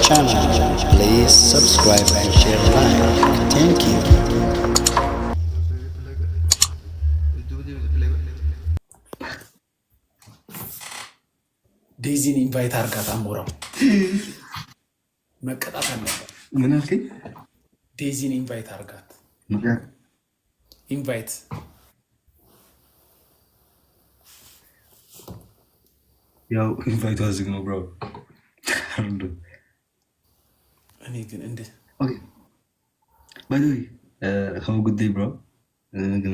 channel. Please subscribe and share like. Thank you. ዴዚን ኢንቫይት አርጋት አሞራው መቀጣት አለበት። ምን አልከኝ? ዴዚን ኢንቫይት አርጋት ኢንቫይት ያው ኢንቫይቱ አዝግ ነው ብሮ እኔ ግን እንዴት ሀው ጉዳይ ብሮ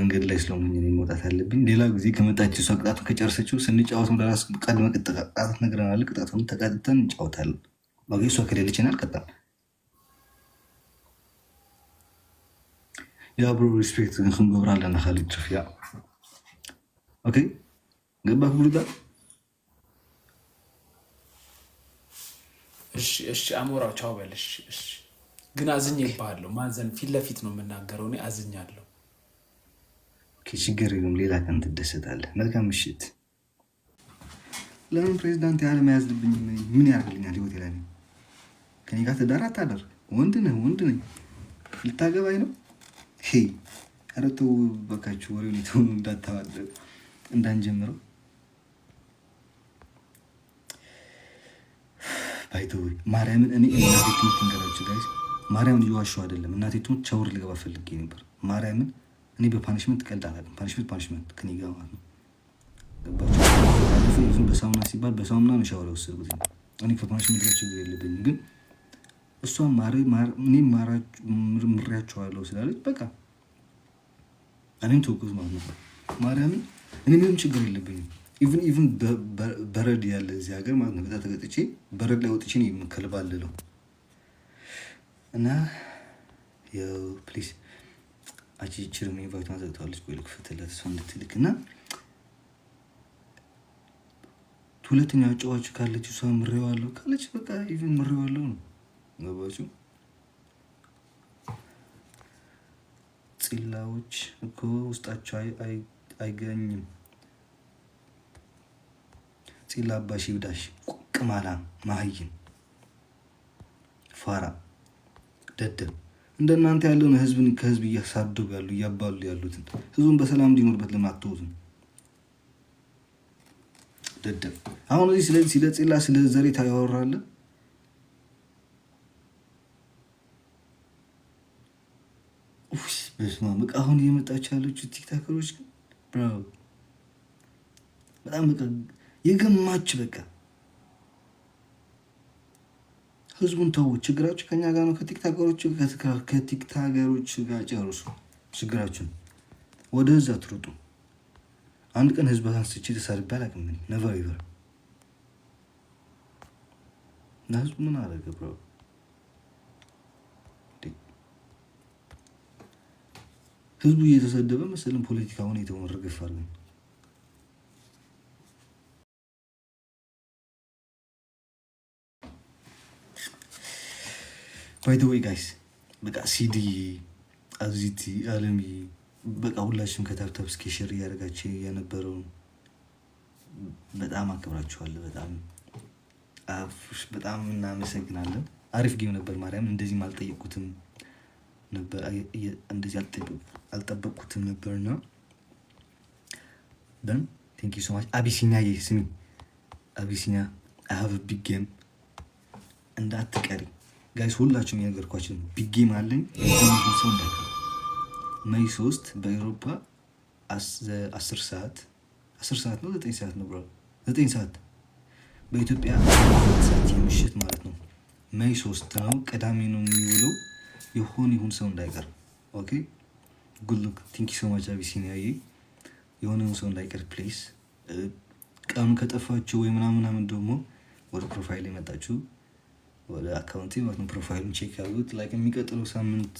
መንገድ ላይ ስለሆነ መውጣት አለብኝ። ሌላ ጊዜ ከመጣችው እሷ ቅጣቱ ከጨርሰችው ስንጫወት ለራሱ ቀድመ ቅጣት ነግረናል። ቅጣቱ ተቃጥተን እንጫወታለን። እሷ ከሌለችን አልቀጣም። ያ ብሮ ሪስፔክት ክንገብራለና ካልጅፍ ያ ገባህ ብሉታ እሺ አሞራው ቻው በል። እሺ ግን አዝኜ ማዘን ፊት ለፊት ነው የምናገረው። እኔ አዝኛለሁ። ችግር የለም። ሌላ ቀን ትደሰታለህ። መልካም ምሽት። ለምን ፕሬዚዳንት ያለ መያዝልብኝ ምን ያደርግልኛል? ህይወት ላይ ከኔ ጋር ትዳር አታደር። ወንድ ነህ፣ ወንድ ነኝ። ልታገባኝ ነው? ሄ ኧረ ተው በቃችሁ፣ ወሬ ሊተሆኑ እንዳታባደ እንዳንጀምረው ባይቶ ማርያምን እኔ እናቴ ትምህርት ንገራቸው ጋይስ ማርያምን እየዋሸሁ አይደለም። እናቴ ትምህርት ቸውር ልገባ ፈልጌ ነበር። ማርያምን እኔ በፓኒሽመንት ቀልድ አላውቅም። ፓኒሽመንት ፓኒሽመንት ከኔ ጋር ማለት ነው። ገባችሁ? በሳሙና ሲባል በሳሙና ነው ሻወር የወሰድኩት እኔ ከፓኒሽመንት ጋር ችግር የለብኝም። ግን እሷ እኔ ምሬያቸዋለሁ ስላለች በቃ እኔም ተወኩት ማለት ነው። ማርያምን እኔ ምንም ችግር የለብኝም ኢቭን ኢቭን በረድ ያለ እዚህ ሀገር ማለት ነው። በዛ ተገጥቼ በረድ ላይ ወጥቼ ነው የምንከልባልለው እና ያው ፕሊዝ አቺችር ኢንቫይት ማዘግተዋለች ወይ ልክፈትላት እሷ እንድትልክ እና ሁለተኛ ጨዋች ካለች እሷ ምሬዋለሁ ካለች በቃ ኢቭን ምሬዋለሁ ነው ገባችሁ? ጽላዎች እኮ ውስጣቸው አይገኝም። ሲላባሽ ይብዳሽ ቁቅማላ ማህይም ፋራ ደደብ እንደናንተ ያለውን ህዝብን ከህዝብ እያሳደጉ ያሉ እያባሉ ያሉትን ህዝቡን በሰላም እንዲኖርበት ለምን ደደ ደደብ አሁን እዚህ ስለዚህ ስለ ጺላ ስለ ዘሬ በስማ በቃ አሁን እየመጣች ቲክታከሮች በጣም በቃ የገማች በቃ ህዝቡን ተው። ችግራችሁ ከኛ ጋር ነው። ከቲክታገሮች ጋር ጨርሱ ችግራችን። ወደ ህዝብ አትሩጡ። አንድ ቀን ህዝብ አንስቼ ተሳድቤ አላውቅም። ነቨር ይበር እና ህዝቡ ምን አደረገ ብለው ህዝቡ እየተሰደበ መሰለን ፖለቲካውን የተውን ርግፍ አድርገን ባይ ወይ ጋይስ በቃ ሲዲ አብዚቲ አለሚ በቃ ሁላችሁም ከታብታብ እስኪ ሼር እያደረጋችሁ የነበረው በጣም አክብራችኋለሁ። በጣም በጣም እናመሰግናለን። አሪፍ ጌም ነበር። ማርያም እንደዚህም አልጠየቁትም ነበር እንደዚህ አልጠበቅኩትም ነበር እና በን ቴንክ ዩ ማች አቢሲኛ የ ስሚ አቢሲኛ አሀብ ቢግ ጌም እንዳትቀሪ ጋይስ ሁላችሁም የነገርኳችሁ ቢግ ጌም አለኝ። ሰው እንዳይቀ መይ ሶስት በኤሮፓ አስር ሰዓት አስር ሰዓት ነው ዘጠኝ ሰዓት ነው ብራ ዘጠኝ ሰዓት በኢትዮጵያ ሰዓት የምሽት ማለት ነው። መይ ሶስት ነው ቅዳሜ ነው የሚውለው። የሆን ይሁን ሰው እንዳይቀር። ኦኬ ጉድ ቲንኪ ቲንኪ ሶማች አቢሲኒያዬ። የሆነ ይሁን ሰው እንዳይቀር ፕሌስ። ቀኑ ከጠፋችሁ ወይ ምናምናምን ደግሞ ወደ ፕሮፋይል የመጣችሁ ወደ አካውንቴ ማለት ነው ፕሮፋይሉን ቼክ ያሉት ላይክ የሚቀጥለው ሳምንት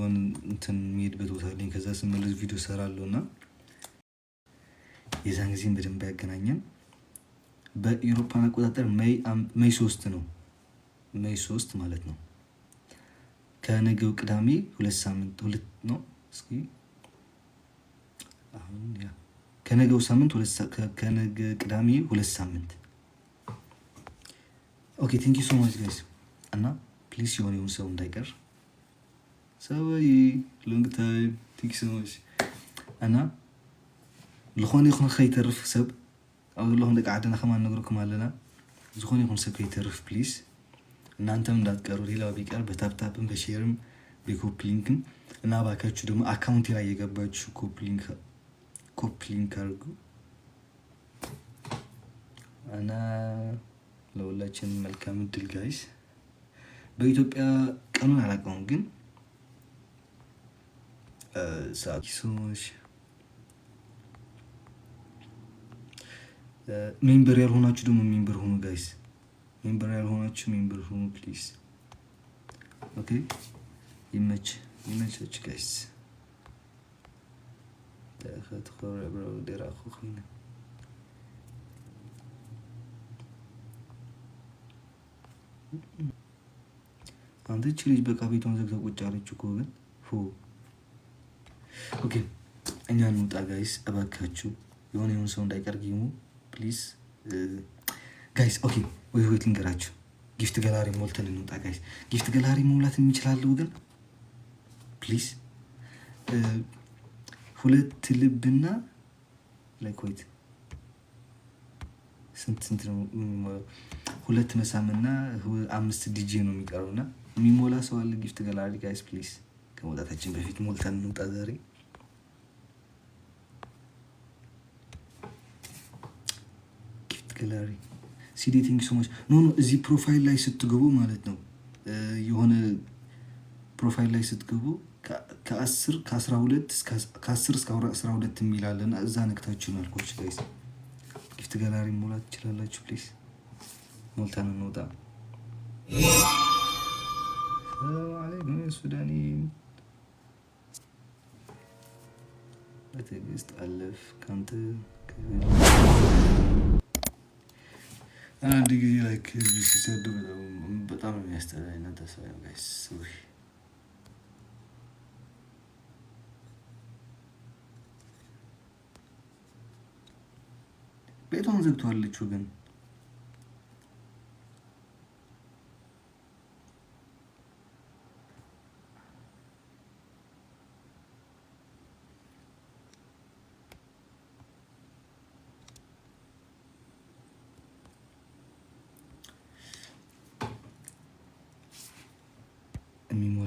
ሆን እንትን የሚሄድበት ቦታ ላይ ከዛ ስመለስ ቪዲዮ ሰራለሁ እና የዛን ጊዜም በደንብ ያገናኘን። በኢሮፓን አቆጣጠር ሜይ ሶስት ነው ሜይ ሶስት ማለት ነው። ከነገው ቅዳሜ ሁለት ሳምንት ሁለት ነው እስኪ አሁን ያ ከነገው ሳምንት ከነገ ቅዳሜ ሁለት ሳምንት ኦኬ ቴንክ ዩ ሶ ማች ጋይስ እና ፕሊዝ የሆነ የሆን ሰው እንዳይቀር ሰባይ ሎንግ ታይም ቴንክ ዩ ሶ ማች እና ዝኾነ ይኹን ከይተርፍ ሰብ ኣብ ዘለኹም ደቂ ዓድና ከማ ነግረኩም ኣለና ዝኾነ ይኹን ሰብ ከይተርፍ ፕሊዝ እናንተም እንዳትቀሩ ሌላ ቢቀር በታፕታፕን በሼርም በኮፕሊንክን እና ባካችሁ ደግሞ አካውንት ላይ የገባችሁ ኮፕሊንክ አድርጉ እና ለሁላችንም መልካም እድል ጋይስ። በኢትዮጵያ ቀኑን አላውቀውም፣ ግን ሳኪሶች ሜምበር ያልሆናችሁ ደግሞ ሜምበር ሆኑ ጋይስ። ሜምበር ያልሆናችሁ ሜምበር ሆኑ ፕሊዝ። ኦኬ ይመች ይመቻችሁ ጋይስ። ተኸትኮረ ብረ ደራኹ ኮይነ አንተ እች ልጅ በቃ ቤቷን ዘግታ ቁጭ አለች እኮ። ግን ኦኬ እኛ እንውጣ ጋይስ፣ እባካችሁ የሆነ የሆነ ሰው እንዳይቀር ጌሙ ፕሊዝ ጋይስ። ኦኬ ወይ ወይ ልንገራችሁ፣ ጊፍት ገላሪ ሞልተን እንውጣ ጋይስ። ጊፍት ገላሪ መሙላት የሚችላለው ግን ፕሊዝ ሁለት ልብና ላይክ ወይት ስንት ስንት ነው ሁለት መሳምና አምስት ዲጄ ነው የሚቀረውና የሚሞላ ሰው አለ። ጊፍት ገላሪ ጋይስ ፕሊስ፣ ከመውጣታችን በፊት ሞልተን እንውጣ ዛሬ። ጊፍት ገላሪ ሲዲ ቲንክ ሶማች ኖ ኖ፣ እዚህ ፕሮፋይል ላይ ስትገቡ ማለት ነው የሆነ ፕሮፋይል ላይ ስትገቡ ከአስር ከአስራ ሁለት ከአስር እስከ አስራ ሁለት የሚላለና እዛ ነክታችሁን አልኮች ጋይስ ጊፍት ገላሪ ሞላት ትችላላችሁ ፕሊስ። ሞልተን እንውጣ። ሱዳኔ በትዕግስት አለፍ ከአንተ አንድ ጊዜ ላይ ሲሰዱ በጣም የሚያስጠላ አይነት ጋይስ ቤቷን ዘግተዋለች ግን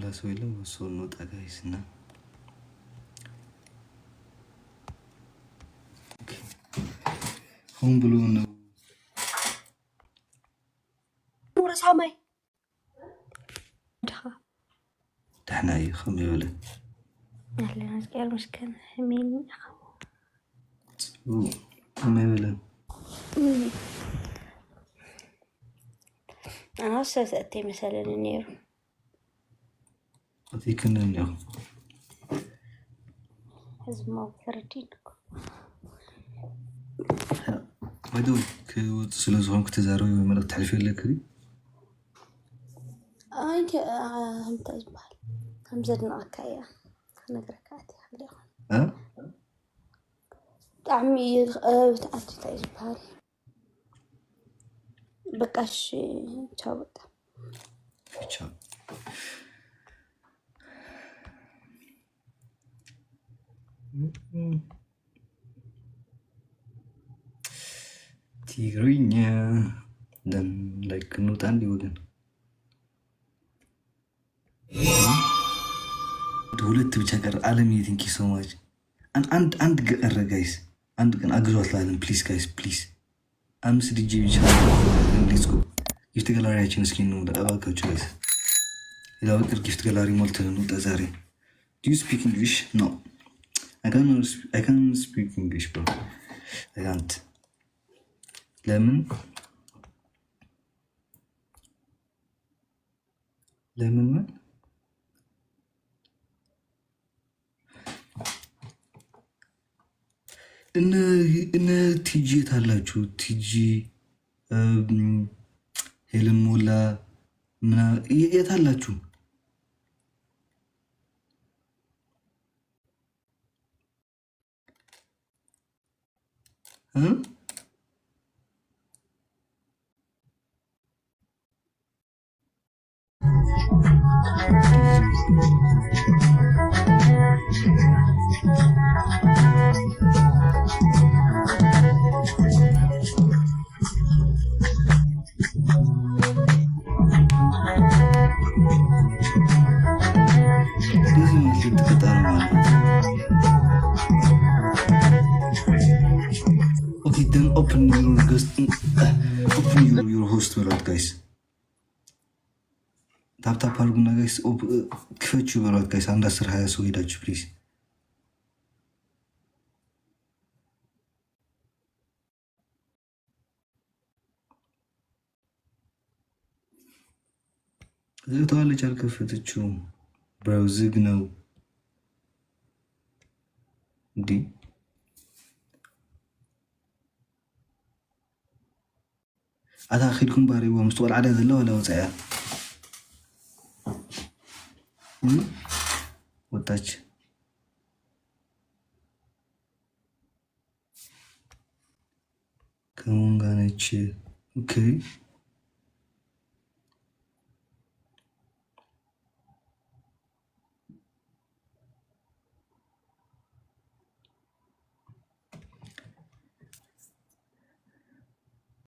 ሌላ ሰው የለም። እሱ እንውጣ ጋይስ እና ሆን ብሎ ነው ሰማይ ደህና እዩ ከም ይብለ ኣለና ዝቅር ምስከን ህሜን ከም ይብለን ኣናስ ሰብሰእተይ መሰለኒ ነይሩ ክልል ያው ክወጡ ስለ ዝኾንኩ ወይ መልእክቲ ተሕልፊ ኣለክ ከምታ ዝበሃል ከም ዘድንቐካ እያ ክነግረካ ኣትያ ይኹን ብጣዕሚ እዩ እንታይ ዝበሃል በቃሽ ቻው በጣም ትግርኛ እንዳይክኑት አንድ ወገን ሁለት ብቻ ቀር። አለም የትንኪ ሶማች አንድ አንድ ቀረ ጋይስ፣ አንድ ቀን አግዟት ለአለም ፕሊዝ ጋይስ ፕሊዝ። አምስት ድጄ ብቻ ሌትስ ጎ። ጊፍት ገላሪያችን እስኪ እንውጣ እባካችሁ ጋይስ። ሌላ በቅር ጊፍት ገላሪ ሞልተን እንውጣ ዛሬ። ዱ ዩ ስፒክ ኢንግሊሽ ነው I can't speak, I can't speak English bro. I can't. ለምን ለምን ምን እነ ቲጂ ታላችሁ ቲጂ ሄልን ሞላ ምና የታላችሁ 嗯。open your guest, uh, open your, your host በሏት ጋይስ። ታፕታፕ አድርጉና ጋይስ ክፈቹ በሏት ጋይስ። አንድ አስር ሀያ ሰው ሄዳችሁ ፕሊዝ ዘግተዋለች፣ አልከፈተችውም። ብራው ዝግ ነው እንዲህ ኣታ ኺድኩም ባሪዎ ምስ ቆልዓዳ ዘለዎ ለወፀ እያ ወጣች ከምኡን ጋነች ኦኬ